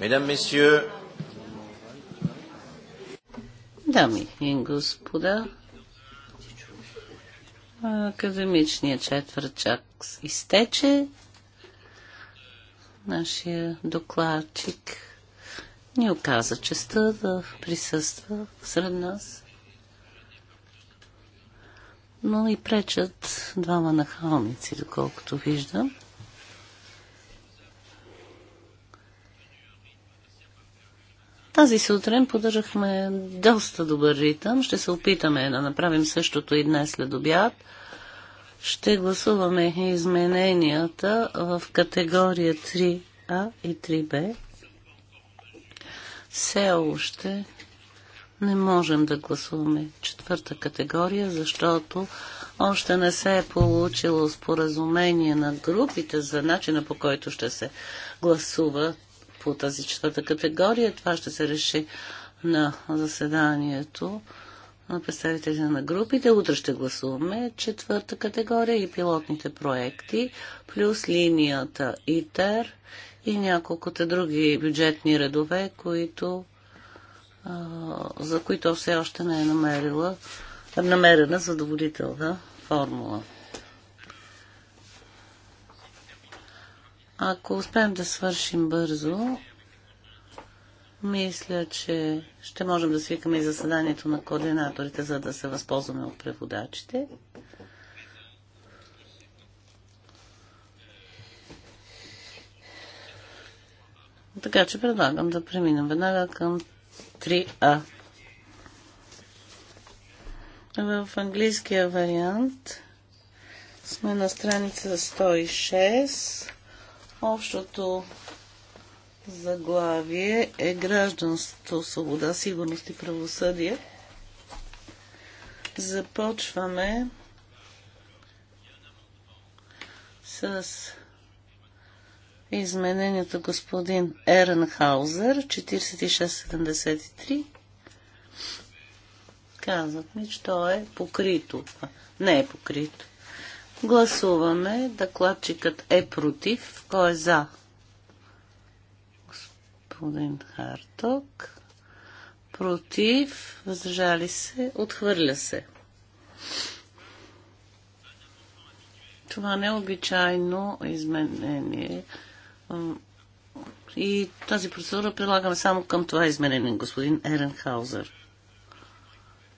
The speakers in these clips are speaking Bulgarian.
Mesdames, Messieurs, Дами и господа, академичният четвърт чак изтече. Нашия докладчик ни оказа честа да присъства сред нас. Но и пречат двама нахалници, доколкото виждам. Тази сутрин поддържахме доста добър ритъм. Ще се опитаме да направим същото и днес след обяд. Ще гласуваме измененията в категория 3А и 3Б. Все още не можем да гласуваме четвърта категория, защото още не се е получило споразумение на групите за начина по който ще се гласуват по тази четвърта категория. Това ще се реши на заседанието на представителите на групите. Утре ще гласуваме четвърта категория и пилотните проекти, плюс линията ИТЕР и няколкото други бюджетни редове, които, а, за които все още не е намерила, намерена задоволителна формула. Ако успеем да свършим бързо, мисля, че ще можем да свикаме и заседанието на координаторите, за да се възползваме от преводачите. Така че предлагам да преминем веднага към 3А. В английския вариант сме на страница 106. Общото заглавие е Гражданство, свобода, сигурност и правосъдие. Започваме с изменението господин Еренхаузер 4673. Казват ми, че то е покрито. Не е покрито. Гласуваме. Докладчикът е против. Кой е за? Господин Харток. Против. Въздържали се. Отхвърля се. Това необичайно изменение. И тази процедура прилагаме само към това изменение, господин Еренхаузер.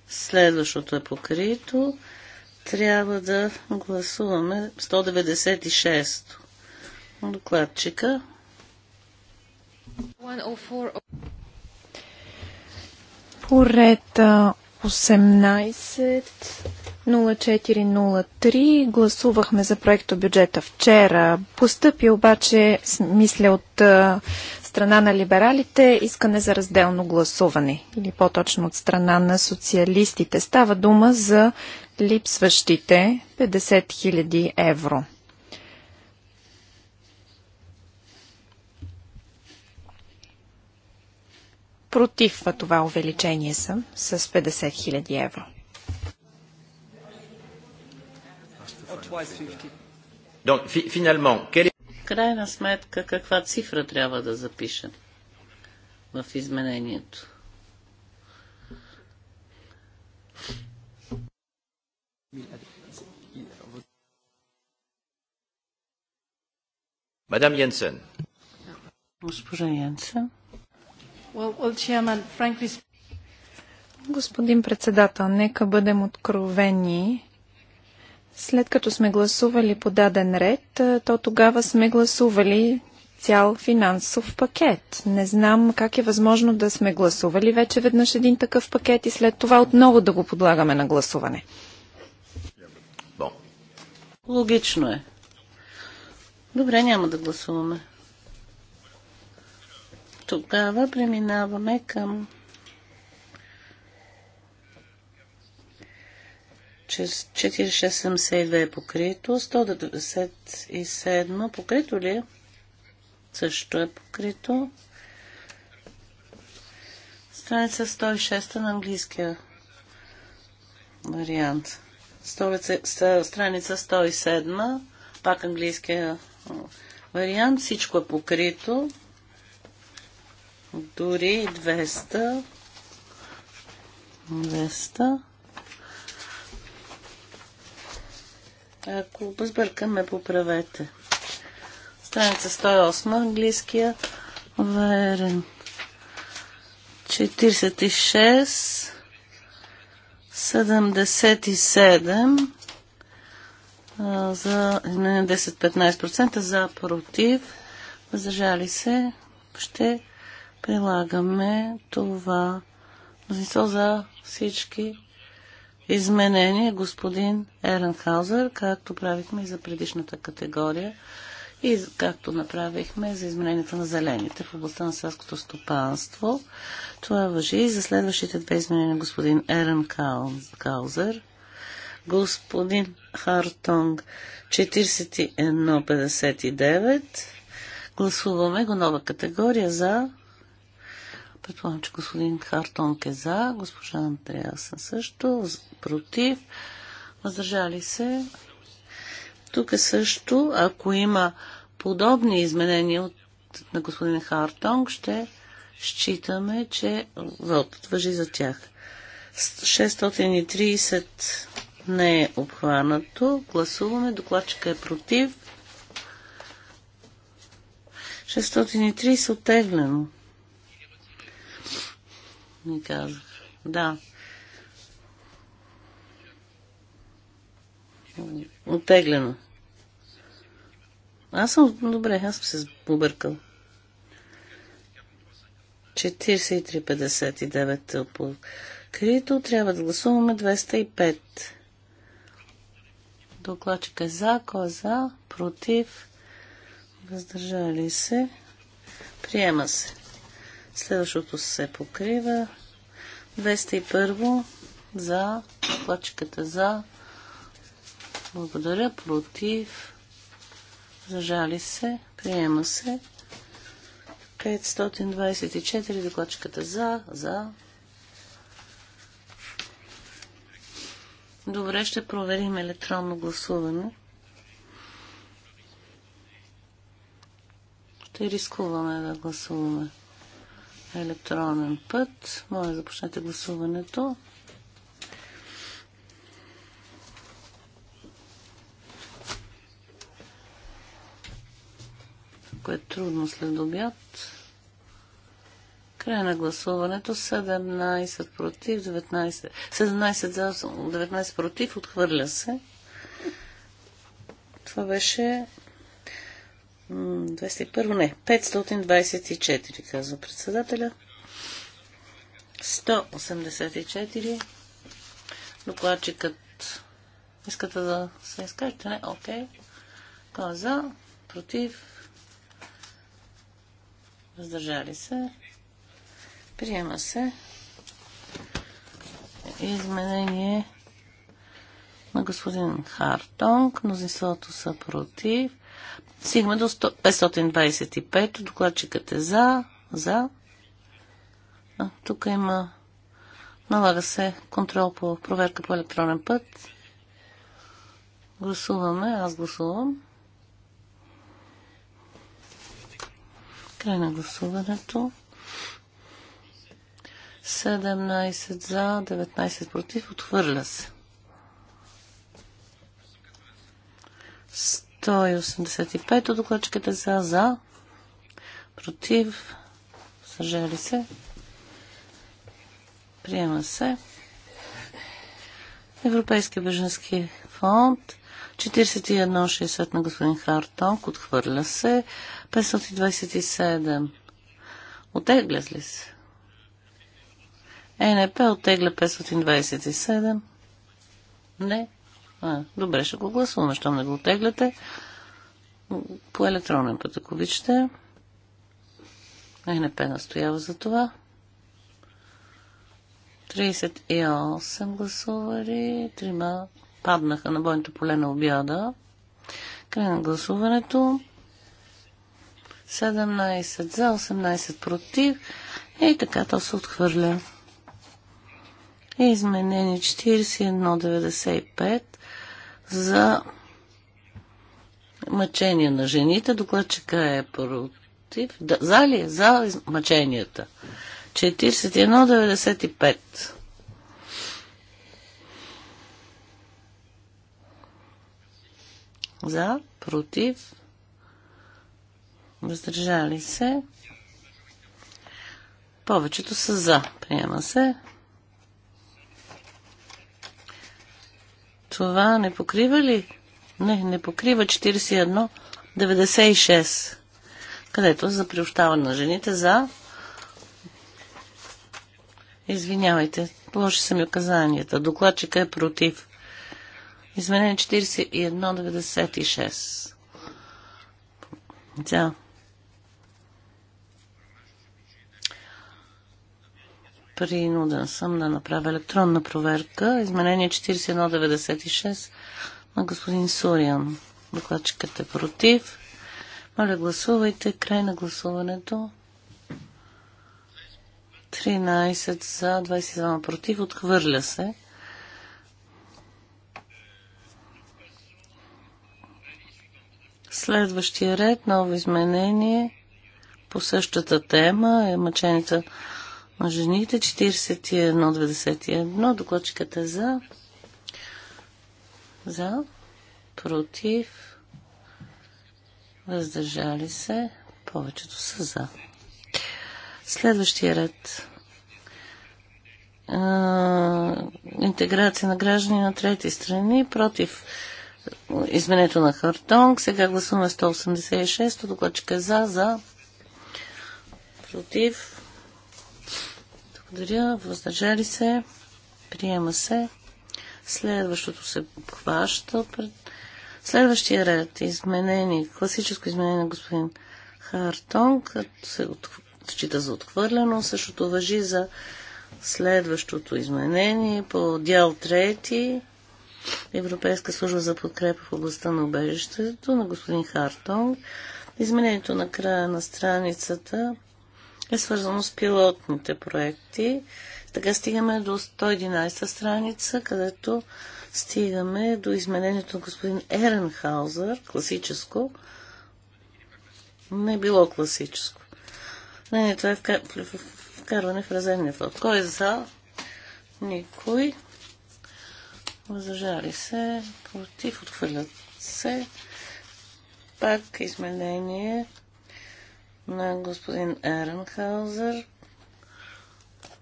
Следващото е покрито. Трябва да гласуваме 196 докладчика. 104. 18.04.03 гласувахме за проекто бюджета вчера. Постъпи обаче, мисля, от страна на либералите искане за разделно гласуване или по-точно от страна на социалистите. Става дума за липсващите 50 000 евро. Против това увеличение съм с 50 000 евро. Крайна сметка, каква цифра трябва да запишем в изменението? Madame Jensen. Госпожа Йенсен. Господин председател, нека бъдем откровени. След като сме гласували по даден ред, е, то тогава сме гласували цял финансов пакет. Не знам как е възможно да сме гласували вече веднъж един такъв пакет и след това отново да го подлагаме на гласуване. Логично е. Добре, няма да гласуваме. Тогава преминаваме към чрез 4672 е покрито, 197 покрито ли е? Също е покрито. Страница 106 на английския вариант. Страница 107, пак английския вариант. Всичко е покрито. Дори 200. 200. Ако сбъркаме, поправете. Страница 108, английския. Верен. 46. 77 за 10-15% за против. Въздържали се. Ще прилагаме това мнозинство за всички изменения, господин Еренхаузер, както правихме и за предишната категория и както направихме за изменението на зелените в областта на селското стопанство. Това въжи и за следващите две изменения господин Ерен Каузер. Господин Хартонг, 4159. Гласуваме го нова категория за. Предполагам, че господин Хартонг е за. Госпожа съм също. Против. Въздържали се. Тук е също, ако има подобни изменения от, на господин Хартонг, ще считаме, че вълтът въжи за тях. 630 не е обхванато. Гласуваме. Докладчика е против. 630 оттеглено. Не казах. Да. Оттеглено. Аз съм... Добре, аз съм се объркал. 43,59 е Крито Трябва да гласуваме 205. Докладчика за, коза, е против, въздържали се, приема се. Следващото се покрива. 201 за, докладчиката за, благодаря, против, въздържали се, приема се. 524 докладчиката за, за, Добре, ще проверим електронно гласуване. Ще рискуваме да гласуваме електронен път. Моля, започнете гласуването. Ако е трудно след обяд, Край на гласуването 17 против, 19, 17 за, 19 против, отхвърля се. Това беше 201, не, 524, казва председателя. 184. Докладчикът искате да се изкажете? Не, окей. Okay. Каза, е против, въздържали се. Приема се. Изменение на господин Хартонг. Мнозинството са против. Сигма до 525. Докладчикът е за. За. А, тук има. Налага се контрол по проверка по електронен път. Гласуваме. Аз гласувам. Край на гласуването. 17 за, 19 против. Отхвърля се. 185 от докладчиката е за, за, против, съжали се. Приема се. Европейски беженски фонд. 41,60 на господин Харток. Отхвърля се. 527. Отеглят се? ЕНП оттегля 527. Не. А, добре, ще го гласуваме, щом не го оттегляте. По електронен път, ако обичате. ЕНП настоява за това. 38 гласували, Трима паднаха на бойното поле на обяда. Край на гласуването. 17 за, 18 против. И така то се отхвърля. Изменение 4195 за мъчение на жените. Докладчика е против. Да, за ли е? За мъченията. 4195. За, против, въздържали се. Повечето са за. Приема се. Това не покрива ли? Не, не покрива 41,96, където за приобщаване на жените за... Извинявайте, лоши са ми указанията. Докладчика е против. Изменение 41,96. За. Принуден съм да направя електронна проверка. Изменение 4196 на господин Сориан. Докладчикът е против. Моля, гласувайте. Край на гласуването. 13 за, 22 против. Отхвърля се. Следващия ред, ново изменение по същата тема е мъченица Мъжените жените. 41-91. Докладчиката е за. За. Против. Въздържали се. Повечето са за. Следващия ред. А, интеграция на граждани на трети страни против изменето на Хартонг. Сега гласуваме 186. Докладчика е за, за, против, благодаря. Въздържали се. Приема се. Следващото се обхваща. Пред... Следващия ред. Изменение. Класическо изменение на господин Хартон, като се от... счита за отхвърлено. Същото въжи за следващото изменение по дял трети. Европейска служба за подкрепа в областта на убежището на господин Хартонг. Изменението на края на страницата е свързано с пилотните проекти. Така стигаме до 111 страница, където стигаме до изменението на господин Еренхаузър, класическо. Не е било класическо. Не, не, това е вкарване в резервния флот. Кой е за? Никой. Възражали се. Против. Отхвърлят се. Пак изменение на господин Еренхаузер.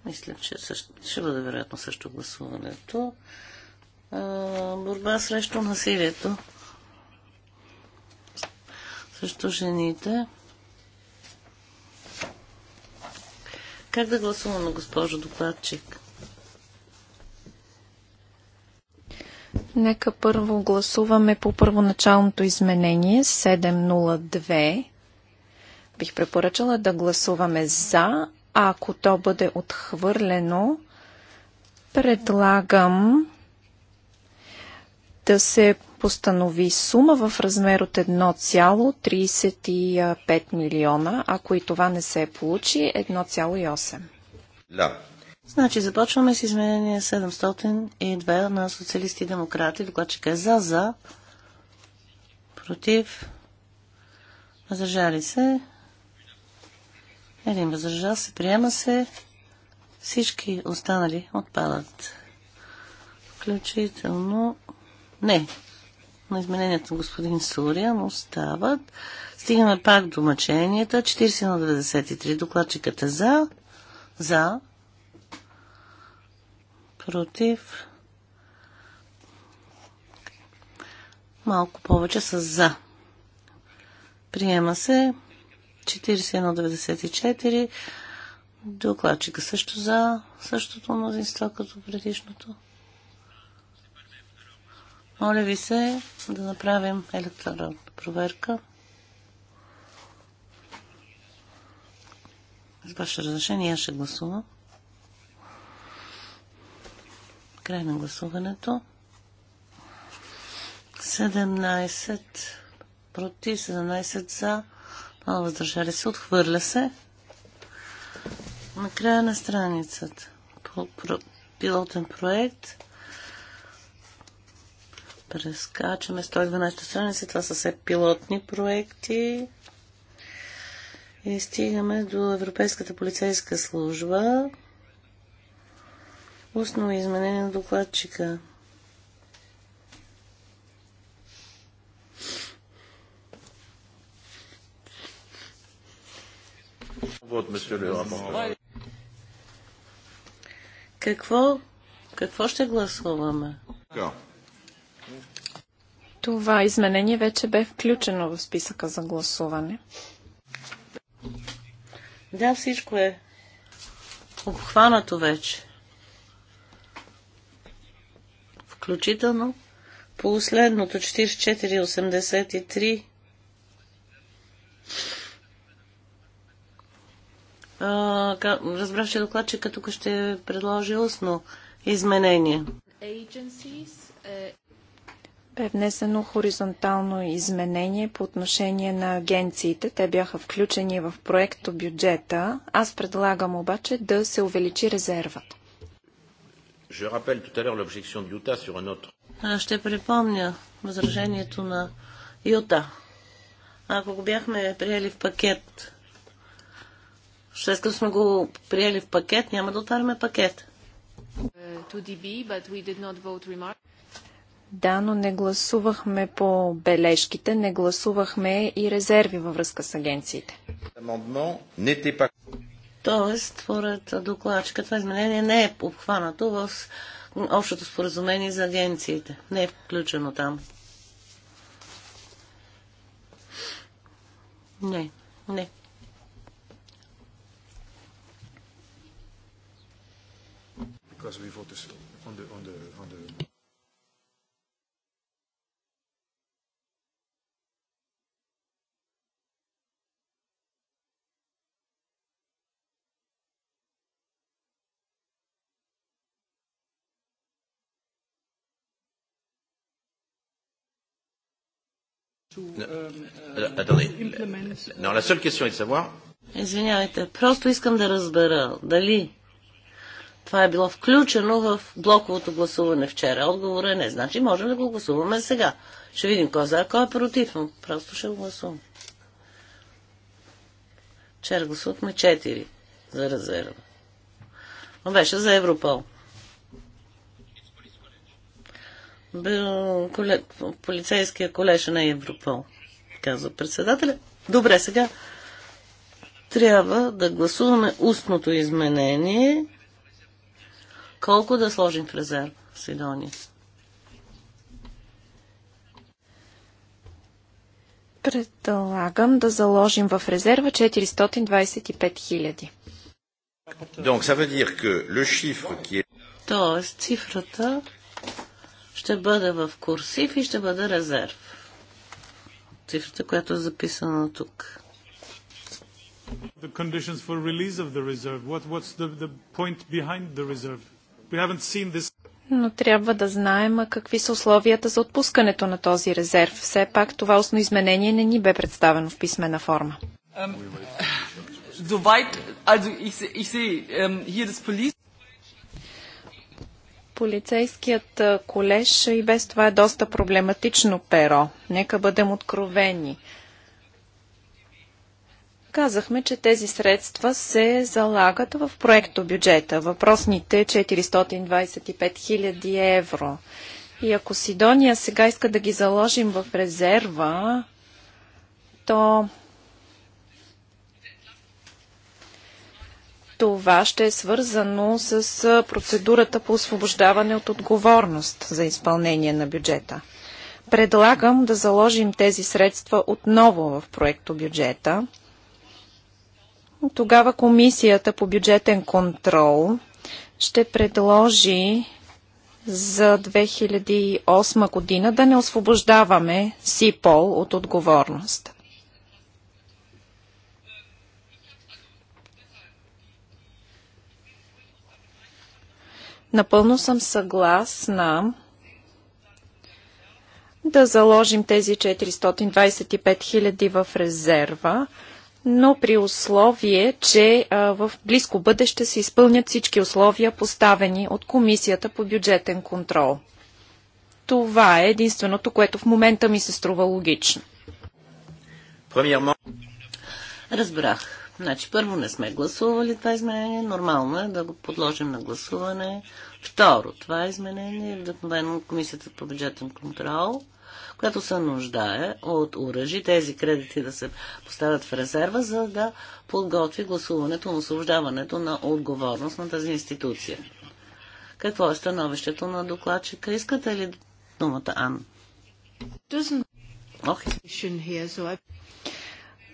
Мисля, че също, ще бъде вероятно също гласуването. А, борба срещу насилието. Срещу жените. Как да гласуваме, госпожо докладчик? Нека първо гласуваме по първоначалното изменение 702 Бих препоръчала да гласуваме за, а ако то бъде отхвърлено, предлагам да се постанови сума в размер от 1,35 милиона, ако и това не се получи, 1,8. Да. Значи започваме с изменение 702 на социалисти и демократи. Докладчика е за, за, против, въздържали се, един възражал се, приема се. Всички останали отпадат. Включително... Не. На изменението господин но остават. Стигаме пак до мъченията. 40 на 93. Докладчикът е за. За. Против. Малко повече са за. Приема се. 4194. Докладчика също за същото мнозинство като предишното. Моля ви се да направим електронна проверка. С ваше разрешение аз ще гласувам. Край на гласуването. 17 против, 17 за въздържали се, отхвърля се. На края на страницата. Пилотен проект. Прескачаме 112 страници. Това са все пилотни проекти. И стигаме до Европейската полицейска служба. Устно изменение на докладчика. Какво, какво ще гласуваме? Това изменение вече бе включено в списъка за гласуване. Да, всичко е обхванато вече. Включително по последното 4483 разбрах, че докладчика тук ще предложи устно изменение. Е- Бе внесено хоризонтално изменение по отношение на агенциите. Те бяха включени в проекто бюджета. Аз предлагам обаче да се увеличи резервата. Ще припомня възражението на Юта. Ако го бяхме приели в пакет след като сме го приели в пакет, няма да отваряме пакет. Е, да, но не гласувахме по бележките, не гласувахме и резерви във връзка с агенциите. Тоест, според докладчика, това изменение не е обхванато в общото споразумение за агенциите. Не е включено там. Не, не. because we voted on the on the on the um, uh, uh, Извинявайте, просто искам да разбера дали това е било включено в блоковото гласуване вчера. Отговора е не. Значи можем да го гласуваме сега. Ще видим кой е за, кой е против. Но просто ще го гласувам. Вчера гласувахме 4 за резерва. Но беше за Европол. Бил коле... полицейския колеж на Европол, казва председателя. Добре, сега трябва да гласуваме устното изменение колко да сложим в резерв, Сидония? Предлагам да заложим в резерва 425 хиляди. Est... Тоест, цифрата ще бъде в курсив и ще бъде резерв. Цифрата, която е записана тук. The conditions for release of the reserve. What, what's the, the point behind the reserve? Но трябва да знаем какви са условията за отпускането на този резерв. Все пак това устно изменение не ни бе представено в писмена форма. Полицейският колеж и без това е доста проблематично перо. Нека бъдем откровени казахме, че тези средства се залагат в проекто бюджета. Въпросните 425 000 евро. И ако Сидония сега иска да ги заложим в резерва, то това ще е свързано с процедурата по освобождаване от отговорност за изпълнение на бюджета. Предлагам да заложим тези средства отново в проекто бюджета. Тогава Комисията по бюджетен контрол ще предложи за 2008 година да не освобождаваме СИПОЛ от отговорност. Напълно съм съгласна да заложим тези 425 000 в резерва, но при условие, че в близко бъдеще се изпълнят всички условия, поставени от Комисията по бюджетен контрол. Това е единственото, което в момента ми се струва логично. Разбрах. Значи, първо не сме гласували това изменение. Нормално е да го подложим на гласуване. Второ, това изменение е вдъхновено от Комисията по бюджетен контрол която се нуждае от уръжи, тези кредити да се поставят в резерва, за да подготви гласуването на освобождаването на отговорност на тази институция. Какво е становището на докладчика? Искате ли думата, Ан? Ох.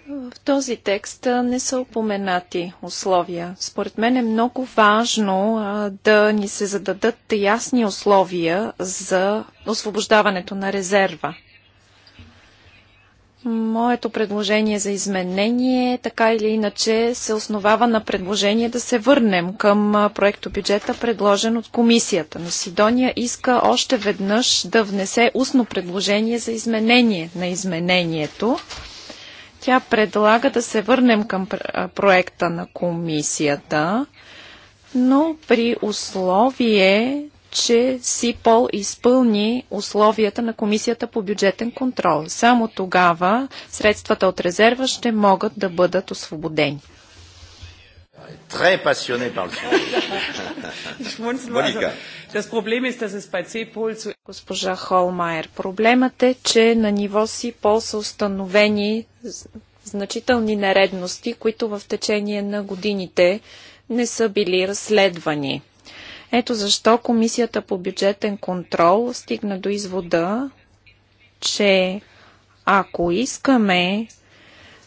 В този текст не са упоменати условия. Според мен е много важно да ни се зададат ясни условия за освобождаването на резерва. Моето предложение за изменение, така или иначе, се основава на предложение да се върнем към проекто бюджета, предложен от комисията. Но Сидония иска още веднъж да внесе устно предложение за изменение на изменението. Тя предлага да се върнем към проекта на комисията, но при условие, че СИПОЛ изпълни условията на Комисията по бюджетен контрол. Само тогава средствата от резерва ще могат да бъдат освободени. Très passionné par le sujet. Госпожа Холмайер, проблемът е, че на ниво си пол са установени значителни нередности, които в течение на годините не са били разследвани. Ето защо Комисията по бюджетен контрол стигна до извода, че ако искаме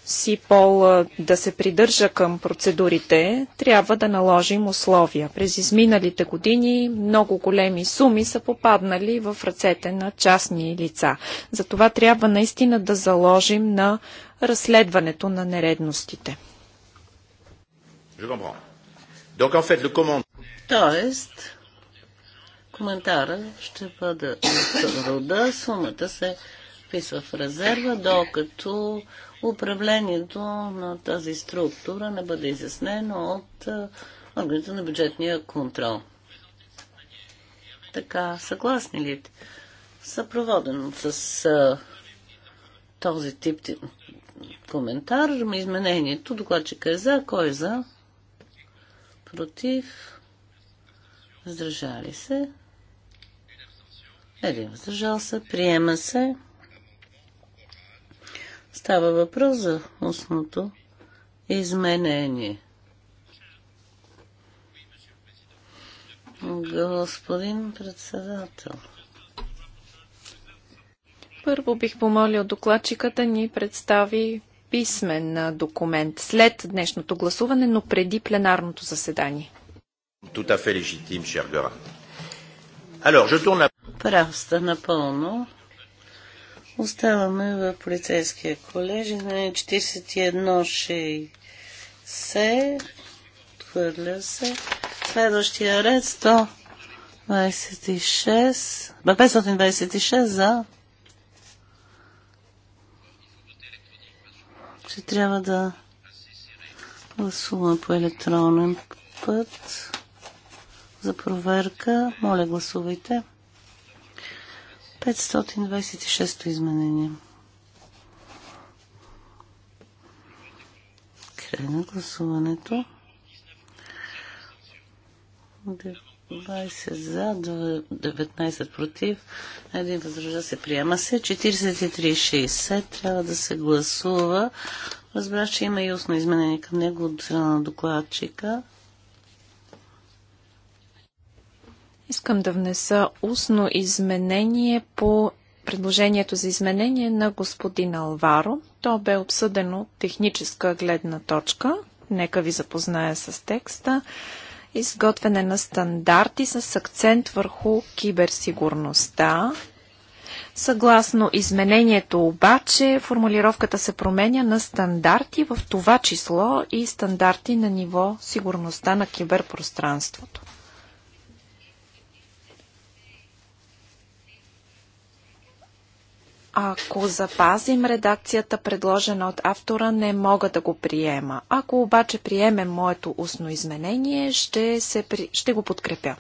СИПОЛ да се придържа към процедурите, трябва да наложим условия. През изминалите години много големи суми са попаднали в ръцете на частни лица. Затова трябва наистина да заложим на разследването на нередностите. Тоест, коментара ще бъде от рода, сумата се писва в резерва, докато управлението на тази структура не бъде изяснено от е, органите на бюджетния контрол. Така, съгласни ли? Съпроводен с а, е, този тип коментар, изменението, докладчика е за, кой е за, против, въздържали се, един въздържал се, приема се. Става въпрос за устното изменение. Господин председател. Първо бих помолил докладчика да ни представи писмен документ след днешното гласуване, но преди пленарното заседание. Прав сте напълно. Оставаме в полицейския колеж на 41.60. отхвърля се. Следващия ред 126. 526 за. Ще трябва да гласуваме по електронен път за проверка. Моля, гласувайте. 526 изменение. Край на гласуването. 20 за, 19 против, един възража се приема се. 43-60 трябва да се гласува. Разбрах, че има и устно изменение към него от страна на докладчика. Искам да внеса устно изменение по предложението за изменение на господин Алваро. То бе обсъдено от техническа гледна точка. Нека ви запозная с текста. Изготвяне на стандарти с акцент върху киберсигурността. Съгласно изменението обаче, формулировката се променя на стандарти в това число и стандарти на ниво сигурността на киберпространството. Ако запазим редакцията, предложена от автора, не мога да го приема. Ако обаче приемем моето устно изменение, ще, се, при ще го подкрепя.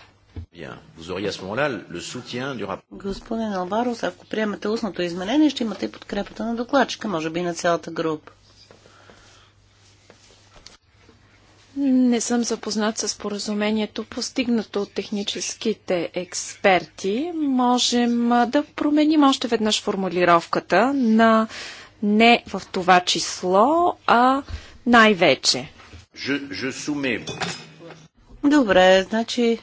Господин Алварос, ако приемате устното изменение, ще имате и подкрепата на докладчика, може би на цялата група. Не съм запознат с поразумението, постигнато от техническите експерти. Можем да променим още веднъж формулировката на не в това число, а най-вече. Добре, значи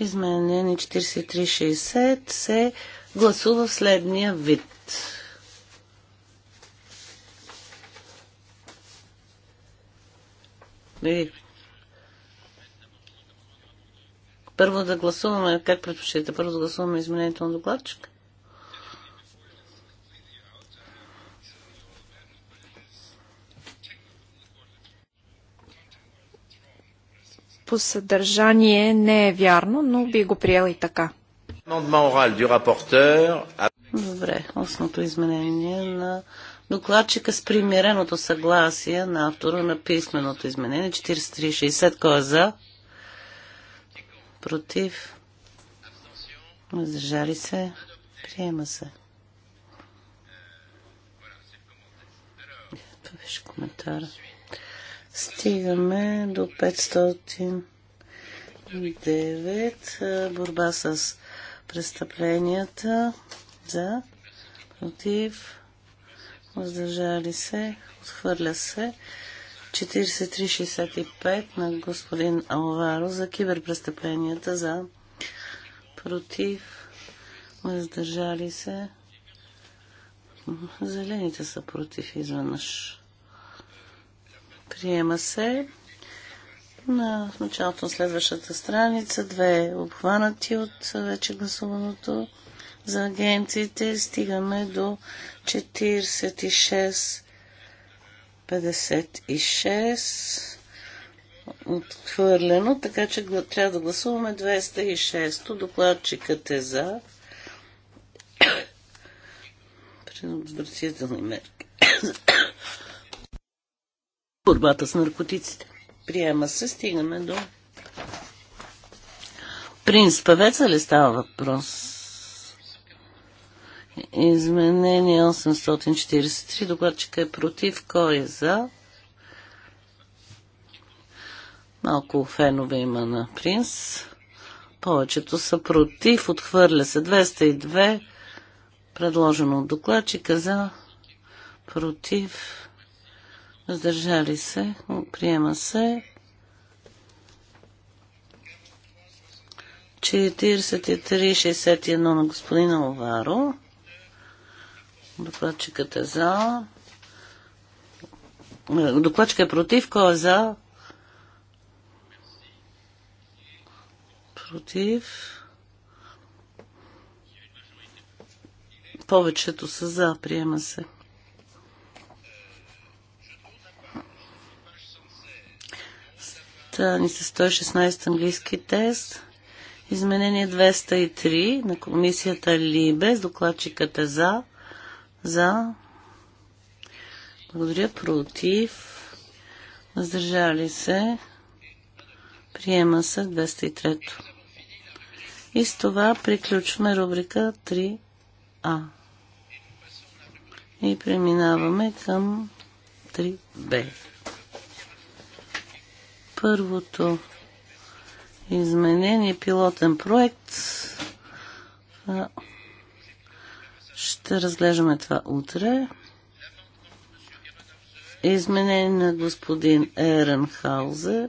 изменение 4360 се гласува в следния вид. И... Първо да гласуваме, как предпочитате, първо да гласуваме изменението на докладчика? по съдържание не е вярно, но би го приел и така. Добре, основното изменение на докладчика с примиреното съгласие на автора на писменото изменение 4360. Кой е за? Против? Въздържали се? Приема се. Това беше коментар. Стигаме до 509. Борба с престъпленията. За? Против? въздържали се, отхвърля се. 4365 на господин Алваро за киберпрестъпленията за против, въздържали се. Зелените са против изведнъж. Приема се на началото на следващата страница. Две обхванати от вече гласуваното за агенциите стигаме до 46-56 отхвърлено, така че трябва да гласуваме 206. Докладчикът е за предотвратителни мерки. Борбата с наркотиците. Приема се, стигаме до Принц Певеца ли става въпрос? Изменение 843. Докладчика е против. Кой е за? Малко фенове има на принц. Повечето са против. Отхвърля се 202. Предложено от докладчика за против. Въздържали се. Приема се. 43-61 на господина Оваро. Докладчикът е за. Е, докладчикът е против. Кой е за? Против. Повечето са за. Приема се. Та ни се 116 английски тест. Изменение 203 на комисията Либе с докладчиката е за. За. Благодаря. Против. Въздържали се. Приема се 203. И с това приключваме рубрика 3А. И преминаваме към 3Б. Първото изменение пилотен проект. Ще разглеждаме това утре. Изменение на господин Еренхаузер.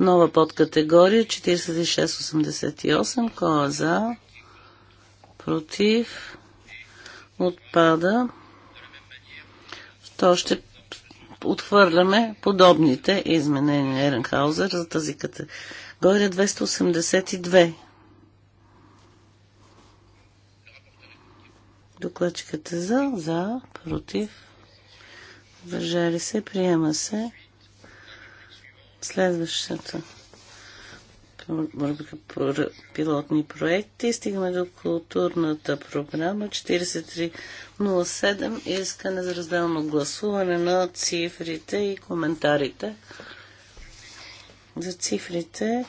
Нова подкатегория 4688. Кой е за? Против? Отпада. То ще отхвърляме подобните изменения Еренхаузер за тази категория 282. Докладчиката за, за, против, въздържали се, приема се. Следващата пилотни проекти. Стигаме до културната програма 4307. Искане за разделно гласуване на цифрите и коментарите. За цифрите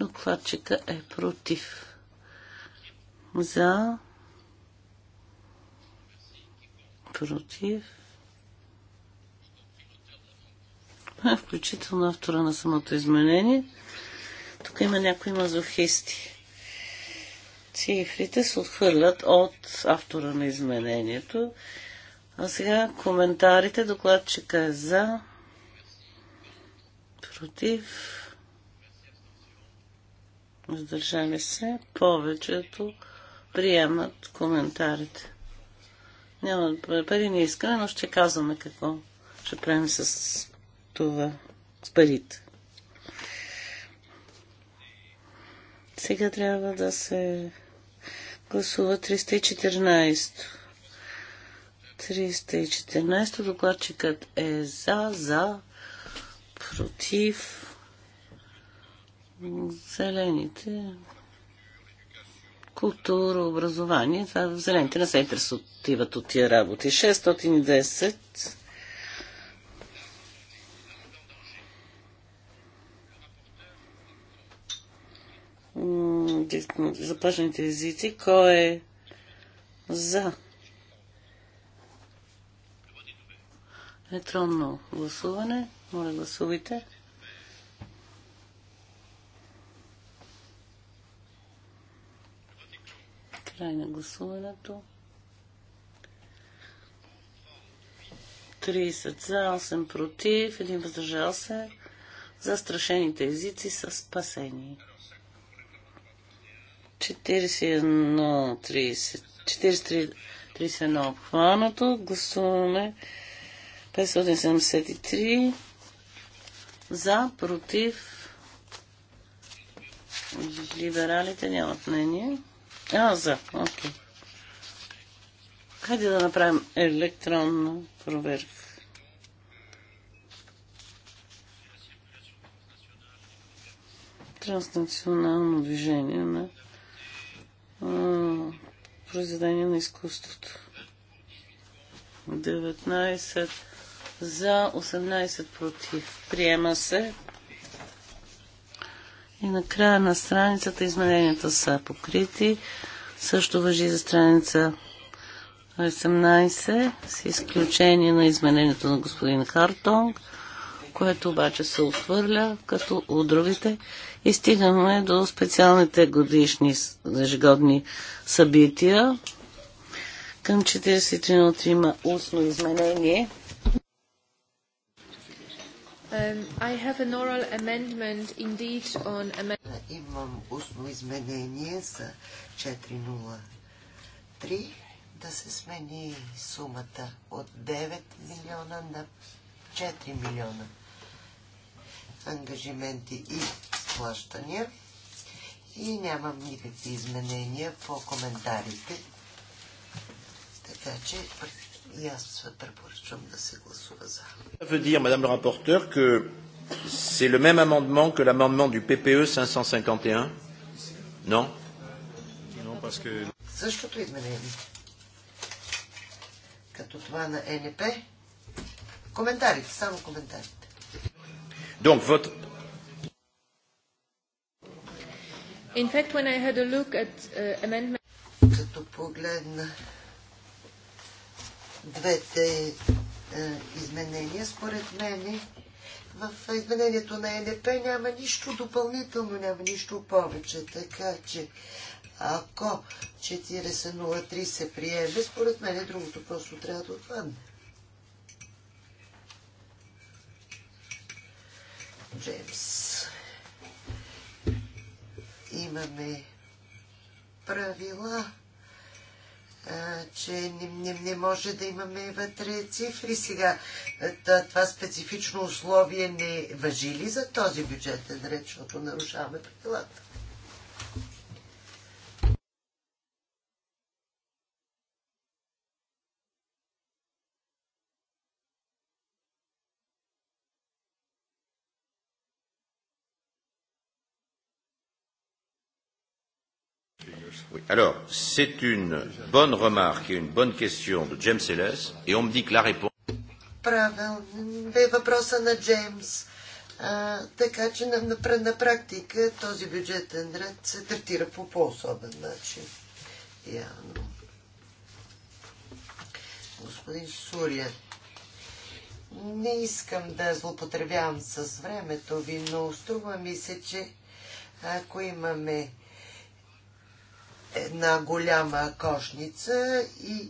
докладчика е против. За против. Включително автора на самото изменение. Тук има някои мазохисти. Цифрите се отхвърлят от автора на изменението. А сега коментарите. Докладчика е за. Против. Въздържали се. Повечето приемат коментарите. Няма да пари не искаме, но ще казваме какво ще правим с това, с парите. Сега трябва да се гласува 314. 314 докладчикът е за, за, против зелените култура, образование. Това в зелените не се интересуват от тия работи. 610. Заплашените езици. Кой е за електронно гласуване? Моля, гласувайте. Край на гласуването. 30 за, 8 против, 1 въздържал се. Застрашените езици са спасени. 41-31 обхванато. Гласуваме 573 за, против. Либералите нямат мнение. А, за. Окей. Хайде да направим електронна проверка. Транснационално движение на а, произведение на изкуството. 19 за 18 против. Приема се. И на края на страницата измененията са покрити. Също въжи за страница 18, с изключение на изменението на господин Хартонг, което обаче се отвърля, като от другите. И стигаме до специалните годишни ежегодни събития. Към 43 минути има устно изменение – Um, I have an oral amendment indeed on Имам устно изменение за 403 да се смени сумата от 9 милиона на 4 милиона. Ангажименти и сплащания. И нямам никакви изменения по коментарите. Така че и аз препоръчвам да се гласува за. Veut dire, madame le rapporteur, que c'est le même amendement que l'amendement du PPE 551 Non Non, parce que... Същото изменение. Като това на НП. Коментарите, само коментарите. Donc, votre... In fact, when I had a look at uh, amendment... Като погледна двете е, изменения. Според мен в изменението на е НП няма нищо допълнително, няма нищо повече. Така че ако 403 се приеме, според мен другото просто трябва да отпадне. Джеймс. Имаме правила че не, не, не може да имаме вътре цифри. Сега това специфично условие не въжи ли за този бюджетен реч, защото нарушаваме правилата? Oui. Alors, c'est une bonne remarque et une bonne question de James Ellis, et on me dit que la réponse... Правилно бе въпроса на Джеймс. А, така че на, на, на практика този бюджетен ред се третира по по-особен начин. Явно. Господин Сурия, не искам да злоупотребявам с времето ви, но струва ми се, че ако имаме една голяма кошница и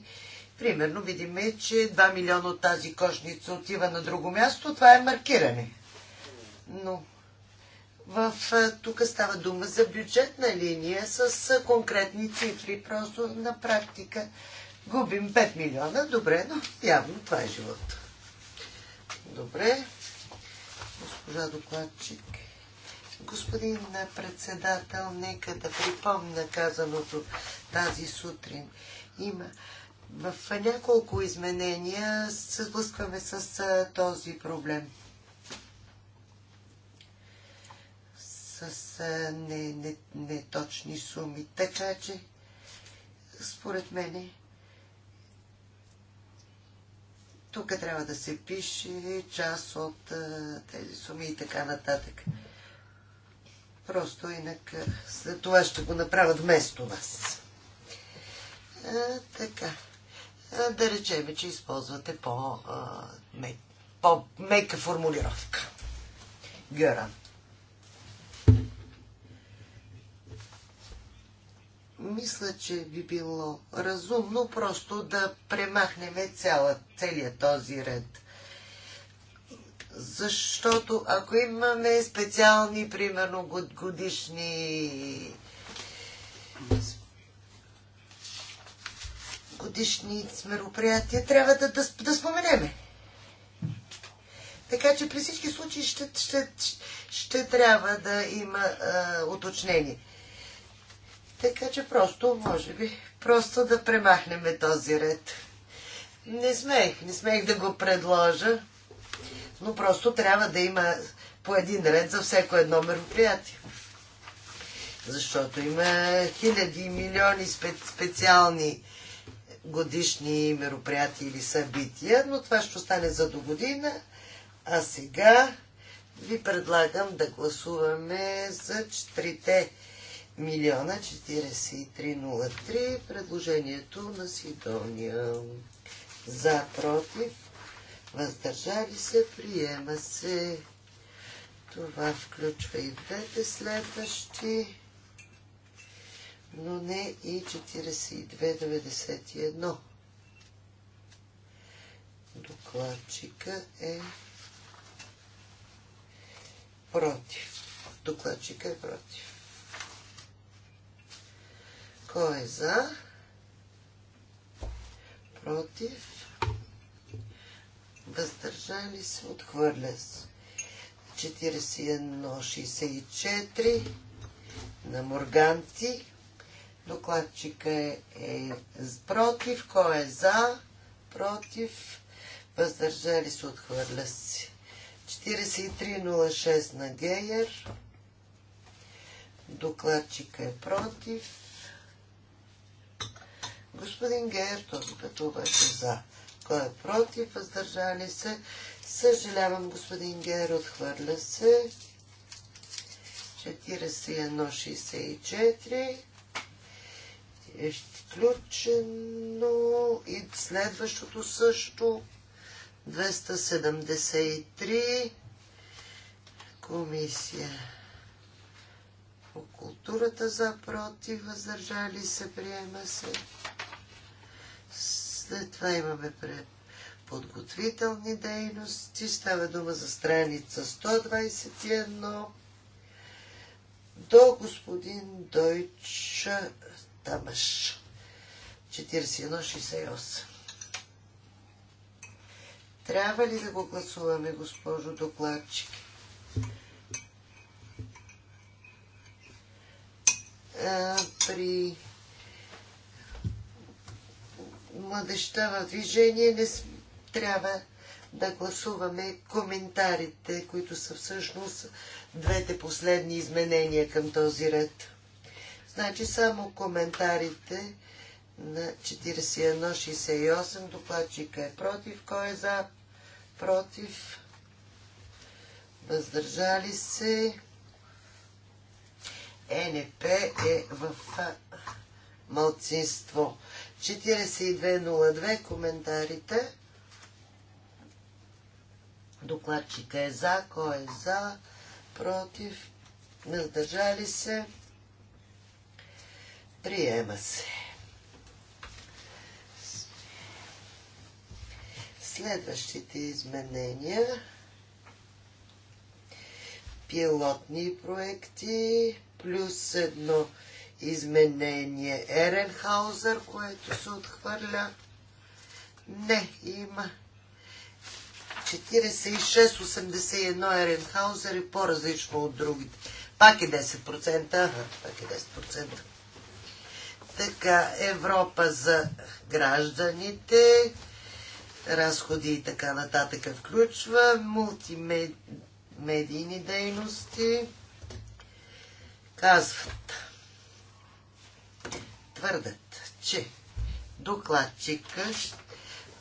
примерно видиме, че 2 милиона от тази кошница отива на друго място, това е маркиране. Но в, тук става дума за бюджетна линия с конкретни цифри. Просто на практика губим 5 милиона. Добре, но явно това е живота. Добре. Госпожа докладчик. Господин председател, нека да припомня казаното тази сутрин. Има в няколко изменения се сблъскваме с този проблем. С не, не, неточни суми. Така че, според мене, тук трябва да се пише част от тези суми и така нататък. Просто инак след това ще го направят вместо вас. А, така. А, да речем, че използвате по, а, мек, по-мека формулировка. Гъран. мисля, че би било разумно просто да премахнем цяла, целият този ред. Защото ако имаме специални, примерно, годишни годишни мероприятия, трябва да, да, да споменеме. Така че при всички случаи ще, ще, ще трябва да има а, уточнение. Така че просто, може би, просто да премахнем този ред. Не смех, не смех да го предложа, но просто трябва да има по един ред за всяко едно мероприятие. Защото има хиляди, и милиони специални годишни мероприятия или събития, но това ще остане за до година. А сега ви предлагам да гласуваме за 4 милиона 4303 предложението на Сидония. За, против, въздържали се, приема се. Това включва и двете следващи, но не и 4291. Докладчика е против. Докладчика е против. Кой е за? Против въздържали се, отхвърля се. 41.64 на Морганци. Докладчика е, е против. Кой е за? Против. Въздържали се, отхвърля се. 43.06 на Гейер. Докладчика е против. Господин Гейер този път обаче за. Кой е против? Въздържали се. Съжалявам, господин Гер, отхвърля се. 41.64 е включено и следващото също 273 комисия по културата за против въздържали се приема се след това имаме подготвителни дейности. Става дума за страница 121 до господин Дойч Тамаш. 4168. Трябва ли да го гласуваме, госпожо докладчик? при младеща в движение не трябва да гласуваме коментарите, които са всъщност двете последни изменения към този ред. Значи само коментарите на 4168 докладчика е против, кой е за, против, въздържали се. Е, НП е в мълцинство. 4202 коментарите. Докладчика е за, кой е за, против, въздържали се. Приема се. Следващите изменения. Пилотни проекти плюс едно изменение Еренхаузер, което се отхвърля. Не, има. 46-81 Еренхаузер и е по-различно от другите. Пак е 10%. Ага, пак е 10%. Така, Европа за гражданите, разходи и така нататък включва, мултимедийни дейности, казват твърдат, че докладчика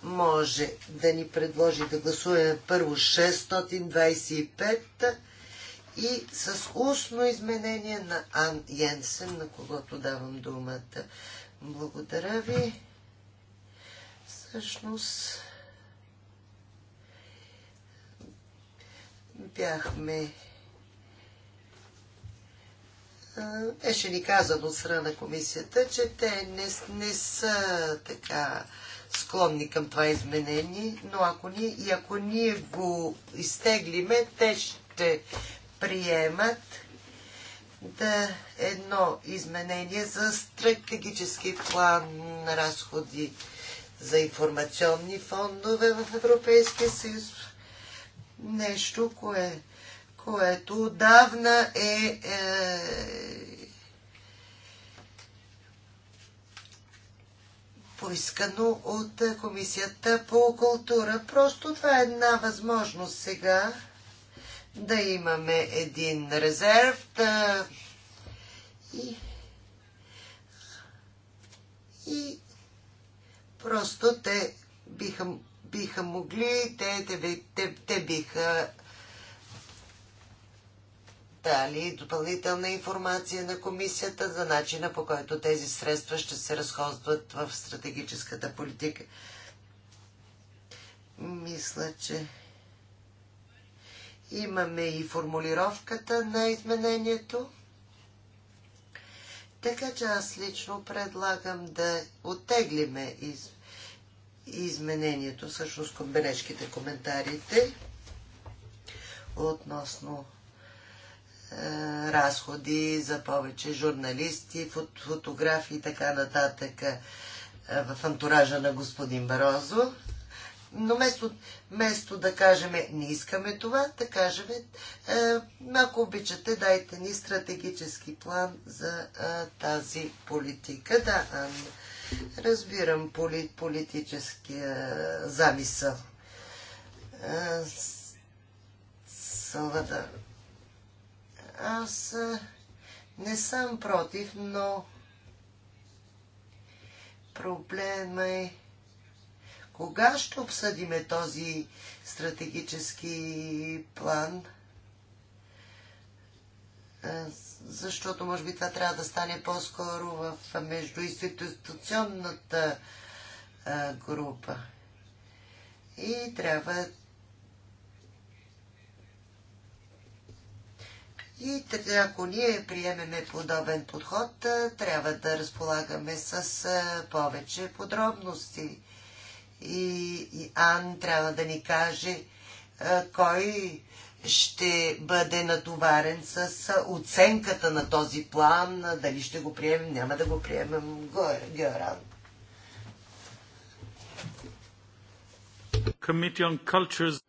може да ни предложи да гласуваме първо 625 и с устно изменение на Ан Йенсен, на когото давам думата. Благодаря ви. Всъщност бяхме беше ни казано от страна на комисията, че те не, не са така склонни към това изменение, но ако ние, и ако ние го изтеглиме, те ще приемат да едно изменение за стратегически план на разходи за информационни фондове в Европейския съюз. Нещо, кое което отдавна е, е поискано от Комисията по култура. Просто това е една възможност сега да имаме един резерв да... и... и просто те биха, биха могли, те, те, те, те биха дали допълнителна информация на комисията за начина по който тези средства ще се разходват в стратегическата политика. Мисля, че имаме и формулировката на изменението. Така че аз лично предлагам да оттеглиме из... изменението, всъщност към бележките, коментарите относно е, разходи за повече журналисти, фотографи и така нататък е, в антуража на господин Барозо. Но вместо, вместо да кажем не искаме това, да кажем, е, ако обичате, дайте ни стратегически план за е, тази политика. Да, Анна, разбирам поли, политическия замисъл. Е, Салвадар. Аз не съм против, но проблема е кога ще обсъдиме този стратегически план? Защото, може би, това трябва да стане по-скоро в междуинституционната група. И трябва И така, ако ние приемеме подобен подход, трябва да разполагаме с повече подробности. И, и Ан трябва да ни каже кой ще бъде натоварен с оценката на този план, дали ще го приемем, няма да го приемем, Георан. Committee on Cultures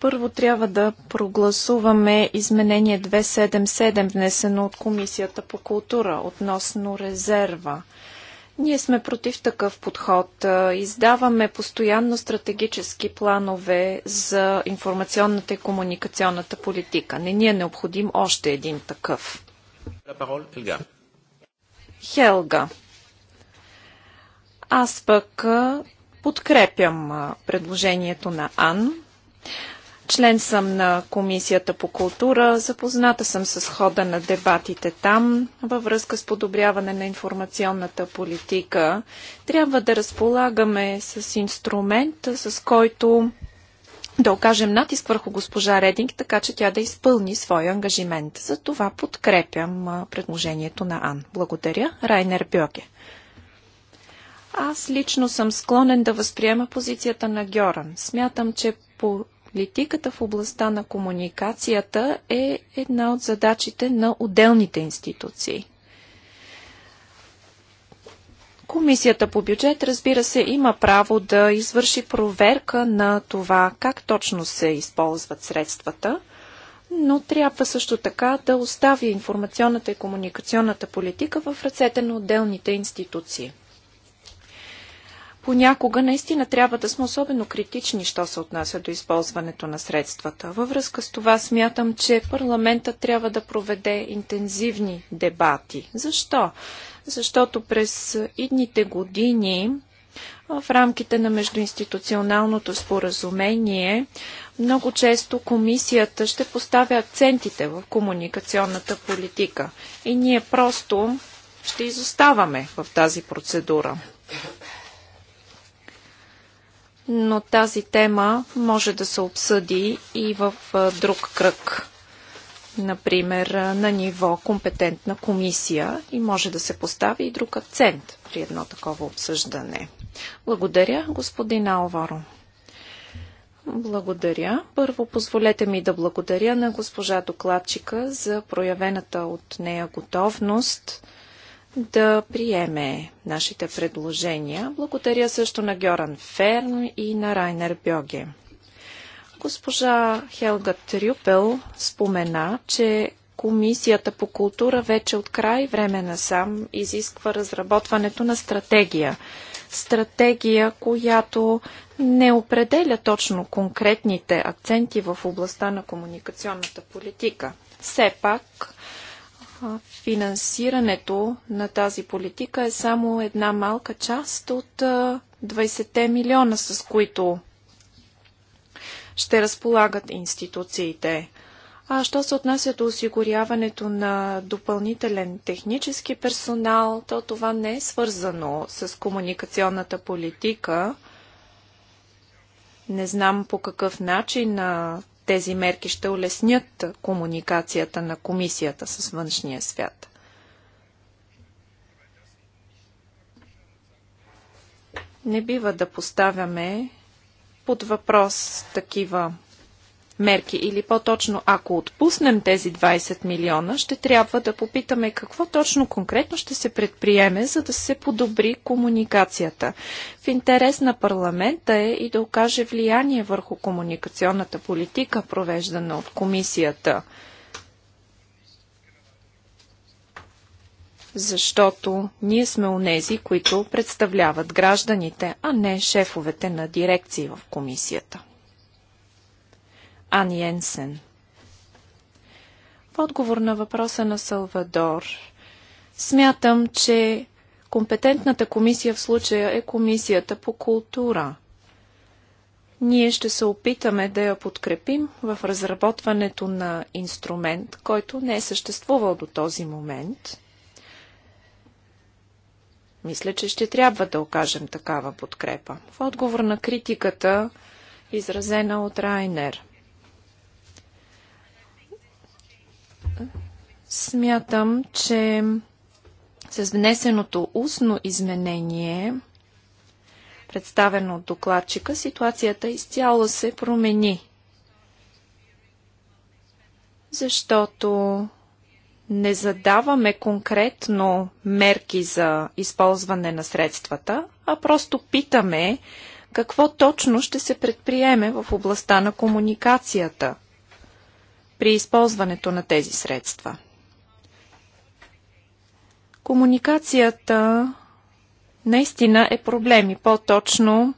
първо трябва да прогласуваме изменение 277, внесено от Комисията по култура относно резерва. Ние сме против такъв подход. Издаваме постоянно стратегически планове за информационната и комуникационната политика. Не ни е необходим още един такъв. Хелга. Аз пък подкрепям предложението на Ан. Член съм на Комисията по култура, запозната съм с хода на дебатите там във връзка с подобряване на информационната политика. Трябва да разполагаме с инструмент, с който да окажем натиск върху госпожа Рединг, така че тя да изпълни своя ангажимент. За това подкрепям предложението на Ан. Благодаря. Райнер Бьоге. Аз лично съм склонен да възприема позицията на Гьоран. Смятам, че по Политиката в областта на комуникацията е една от задачите на отделните институции. Комисията по бюджет, разбира се, има право да извърши проверка на това как точно се използват средствата, но трябва също така да остави информационната и комуникационната политика в ръцете на отделните институции. Понякога наистина трябва да сме особено критични, що се отнася до използването на средствата. Във връзка с това смятам, че парламента трябва да проведе интензивни дебати. Защо? Защото през идните години в рамките на междуинституционалното споразумение много често комисията ще поставя акцентите в комуникационната политика и ние просто ще изоставаме в тази процедура но тази тема може да се обсъди и в друг кръг, например на ниво компетентна комисия и може да се постави и друг акцент при едно такова обсъждане. Благодаря, господин Алваро. Благодаря. Първо позволете ми да благодаря на госпожа докладчика за проявената от нея готовност да приеме нашите предложения. Благодаря също на Гьоран Ферн и на Райнер Бьоге. Госпожа Хелга Трюпел спомена, че Комисията по култура вече от край време насам изисква разработването на стратегия. Стратегия, която не определя точно конкретните акценти в областта на комуникационната политика. Все пак финансирането на тази политика е само една малка част от 20 милиона, с които ще разполагат институциите. А що се отнася до осигуряването на допълнителен технически персонал, то това не е свързано с комуникационната политика. Не знам по какъв начин тези мерки ще улеснят комуникацията на комисията с външния свят. Не бива да поставяме под въпрос такива мерки. Или по-точно, ако отпуснем тези 20 милиона, ще трябва да попитаме какво точно конкретно ще се предприеме, за да се подобри комуникацията. В интерес на парламента е и да окаже влияние върху комуникационната политика, провеждана от комисията. защото ние сме унези, които представляват гражданите, а не шефовете на дирекции в комисията. Ан Йенсен. В отговор на въпроса на Салвадор, смятам, че компетентната комисия в случая е комисията по култура. Ние ще се опитаме да я подкрепим в разработването на инструмент, който не е съществувал до този момент. Мисля, че ще трябва да окажем такава подкрепа. В отговор на критиката, изразена от Райнер – Смятам, че с внесеното устно изменение, представено от докладчика, ситуацията изцяло се промени. Защото не задаваме конкретно мерки за използване на средствата, а просто питаме какво точно ще се предприеме в областта на комуникацията при използването на тези средства. Комуникацията наистина е проблем и по-точно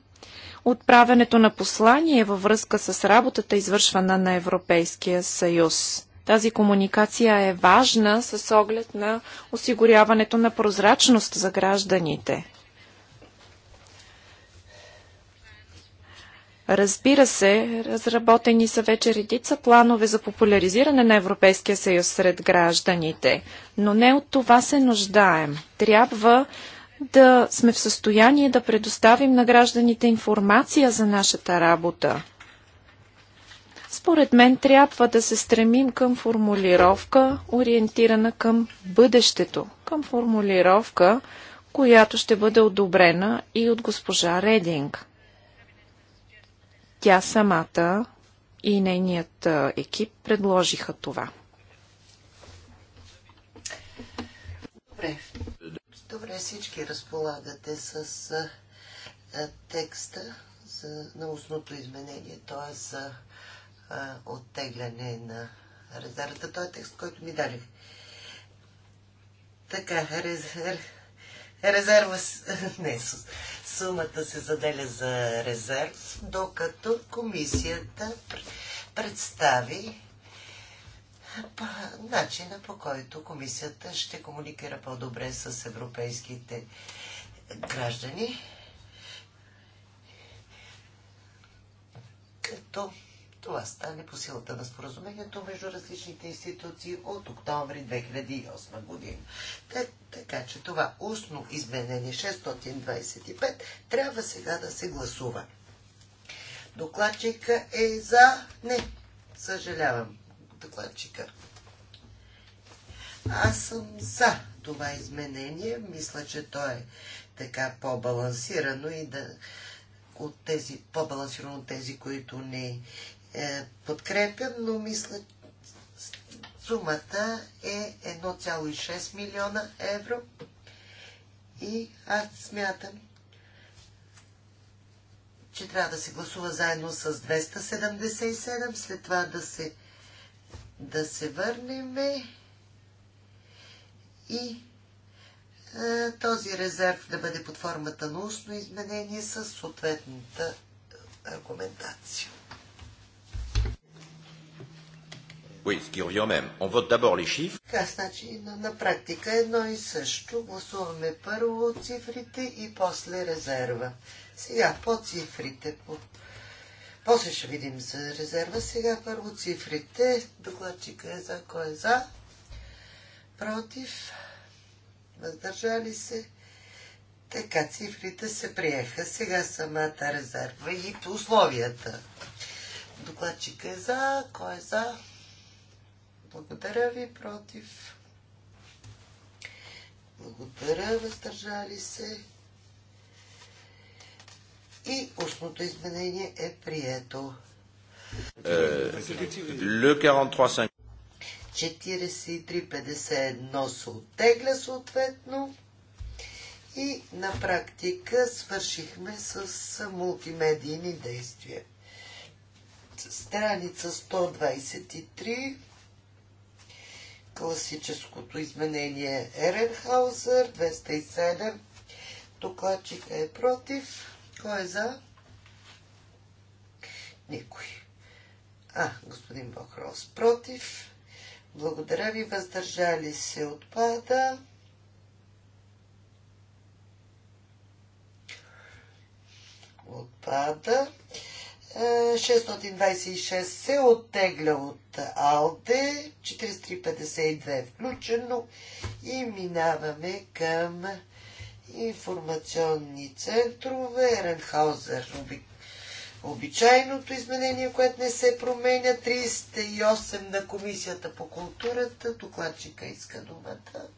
отправянето на послание във връзка с работата, извършвана на Европейския съюз. Тази комуникация е важна с оглед на осигуряването на прозрачност за гражданите. Разбира се, разработени са вече редица планове за популяризиране на Европейския съюз сред гражданите, но не от това се нуждаем. Трябва да сме в състояние да предоставим на гражданите информация за нашата работа. Според мен трябва да се стремим към формулировка, ориентирана към бъдещето, към формулировка, която ще бъде одобрена и от госпожа Рединг. Тя самата и нейният екип предложиха това. Добре. Добре, всички разполагате с а, текста за, на устното изменение, т.е. за а, оттегляне на резервата. Той е текст, който ми дали. Така, резерв резерва, не, сумата се заделя за резерв, докато комисията представи начина по който комисията ще комуникира по-добре с европейските граждани, като това стане по силата на споразумението между различните институции от октомври 2008 година. така че това устно изменение 625 трябва сега да се гласува. Докладчика е за... Не, съжалявам, докладчика. Аз съм за това изменение. Мисля, че то е така по-балансирано и да от тези, по-балансирано от тези, които не е, подкрепят, но мисля, сумата е 1,6 милиона евро и аз смятам, че трябва да се гласува заедно с 277, след това да се, да се върнем и е, този резерв да бъде под формата на устно изменение с съответната аргументация. Oui, ce qui revient même. On vote d'abord les chiffres. Така, значи на, на практика едно и също. Гласуваме първо цифрите и после резерва. Сега по цифрите. По... После ще видим за резерва. Сега първо цифрите. Докладчика е за. Кой е за? Против? Въздържали се? Така, цифрите се приеха. Сега самата резерва и условията. Докладчика е за. Кой е за? Благодаря ви. Против. Благодаря. Въздържали се. И устното изменение е прието. Е, 43 43.51 се оттегля съответно и на практика свършихме с мултимедийни действия. Страница 123 класическото изменение Еренхаузер 207. Докладчик е против. Кой е за? Никой. А, господин Бохрос против. Благодаря ви. Въздържали се отпада. Отпада. 626 се оттегля от АЛДЕ, 4352 е включено и минаваме към информационни центрове, Еренхаузер, обичайното изменение, което не се променя, 308 на Комисията по културата, докладчика иска думата.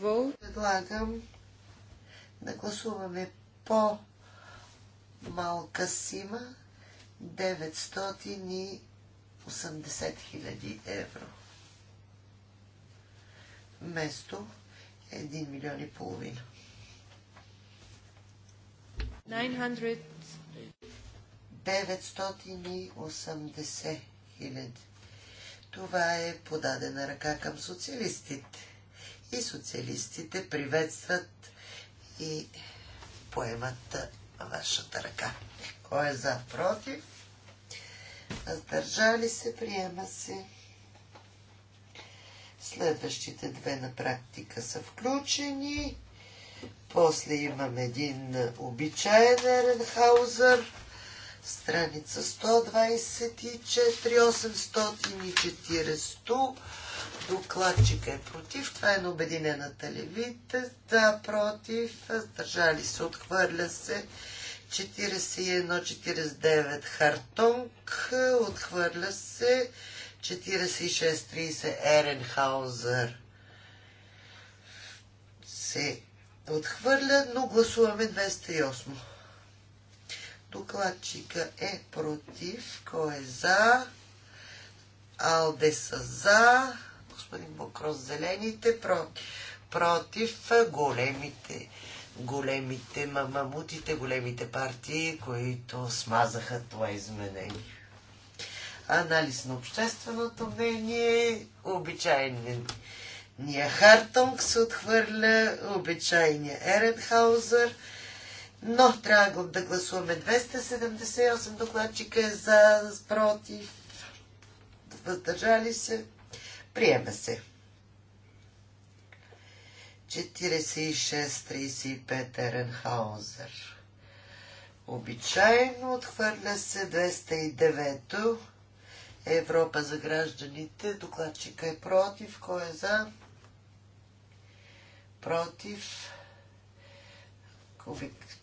vote. Предлагам да гласуваме по малка сима 980 000 евро. Вместо 1 милион и половина. 980 хиляди. Това е подадена ръка към социалистите и социалистите приветстват и поемат вашата ръка. Кой е за против? Въздържали се, приема се. Следващите две на практика са включени. После имам един обичаен Еренхаузър. Страница 124, 840 докладчика е против. Това е на обединената левита. Да, против. държали се. Отхвърля се. 41-49 Хартонг. Отхвърля се. 46-30 Еренхаузер. Се отхвърля, но гласуваме 208. Докладчика е против. Кой е за? Алде са за господин Бокрос. Зелените против, против големите, големите мамутите, големите партии, които смазаха това изменение. Анализ на общественото мнение, обичайен Ния Хартонг се отхвърля, обичайния Еренхаузър, но трябва да гласуваме 278 докладчика е за, против, въздържали се. Приема се. 46-35 Теренхаузер. Обичайно отхвърля се 209-то. Европа за гражданите. Докладчика е против. Кой е за? Против.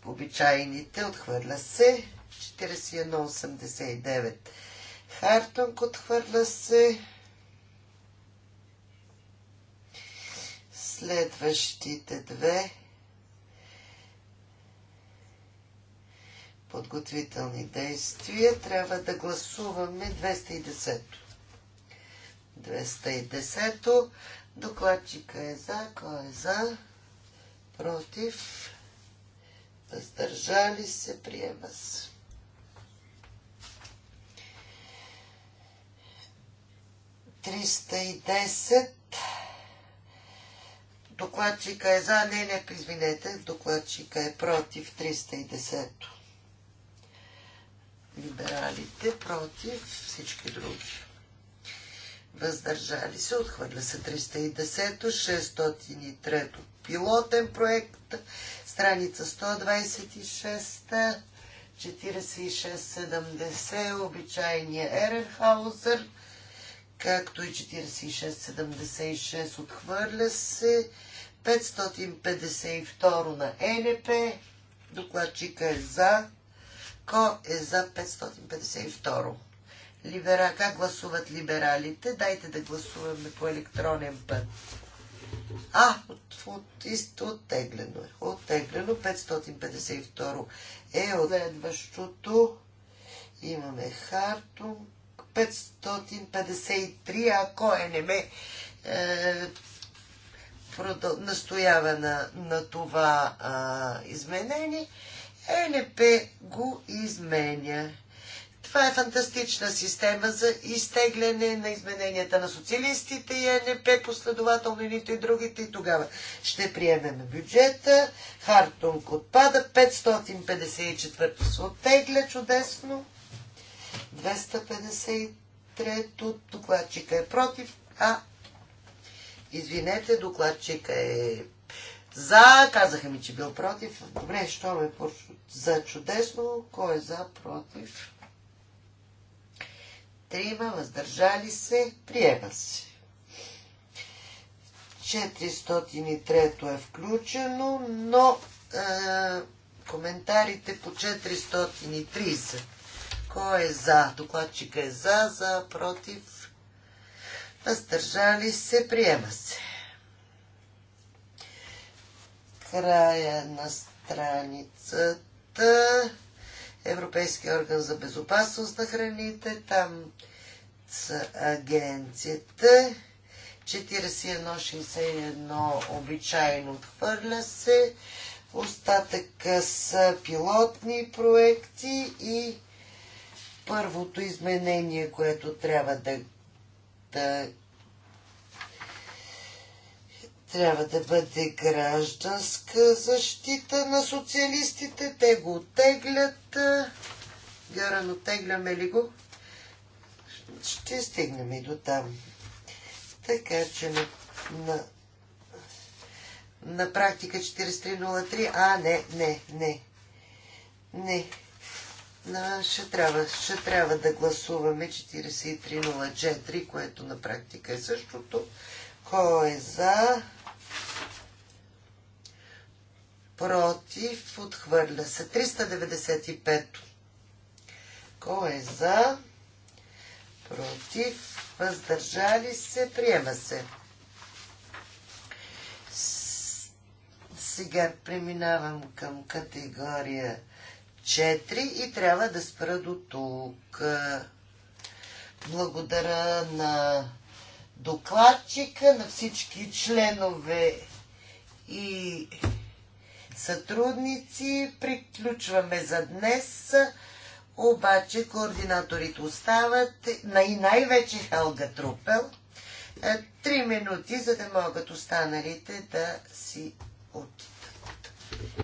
Обичайните отхвърля се. 41-89. Хартунг отхвърля се. Следващите две подготвителни действия трябва да гласуваме 210. 210. Докладчика е за, кой е за, против, въздържали се, приема се. Триста и десет. Докладчика е за, не, не, извинете, докладчика е против 310 Либералите против всички други. Въздържали се, отхвърля се 310 603 пилотен проект, страница 126, 4670, обичайния Еренхаузер – както и 4676, отхвърля се. 552 на е НП. Докладчика е за. Ко е за 552. Либера, как гласуват либералите? Дайте да гласуваме по електронен път. А, от, от, от, оттеглено е. Оттеглено 552 е от следващото. Имаме Хартунг. 553, ако е не ме продъл... настоява на, на това а, изменение, ЕНП го изменя. Това е фантастична система за изтегляне на измененията на социалистите и ЕНП, последователно нито и другите. И тогава ще приемем бюджета. Хартунг отпада. 554 се оттегля чудесно. 253-то докладчика е против, а извинете, докладчика е за, казаха ми, че бил против. Добре, що ме за чудесно, кой е за, против? Трима, въздържали се, приема се. 403 то е включено, но е, коментарите по 430 кой е за? Докладчика е за, за, против. Въздържали се, приема се. Края на страницата. Европейски орган за безопасност на храните. Там са агенцията. 4161 обичайно отхвърля се. Остатъка са пилотни проекти и Първото изменение, което трябва да, да трябва да бъде гражданска защита на социалистите. Те го оттеглят. Гаран, оттегляме ли го? Ще стигнем и до там. Така че на, на, на практика 4303... А, не, не, не. Не ще трябва, ще трябва да гласуваме 4304, което на практика е същото. Кой е за? Против? Отхвърля се. 395. Кой е за? Против? Въздържали се? Приема се. Сега преминавам към категория 4 и трябва да спра до тук. Благодаря на докладчика, на всички членове и сътрудници. Приключваме за днес, обаче координаторите остават на и най-вече Хелга Трупел. Е, три минути, за да могат останалите да си отидат.